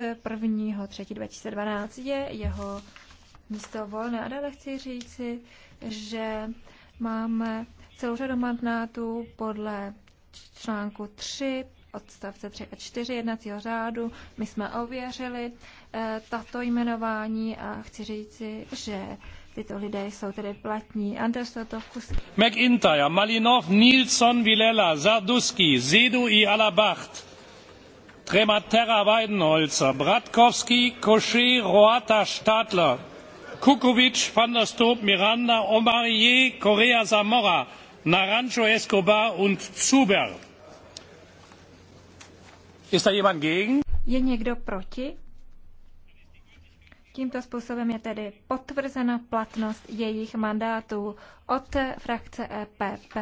1. 3. 2012 je jeho místo volné. A dále chci říci, že máme celou řadu mandátů podle článku 3 odstavce 3 a 4 jednacího řádu. My jsme ověřili e, tato jmenování a chci říci, že tyto lidé jsou tedy platní. Anders Totovkus. McIntyre, Malinov, Nilsson, Vilela, Zarduski, Zidu i Alabacht. Trematera weidenholzer bratkowski kouchet roata stadler kukovi van der stoep miranda omarjee correia zamora naranjo escobar und zuber. ist da jemand gegen? je někdo proti? Tímto způsobem je tedy potvrzena platnost jejich mandátů od frakce EPP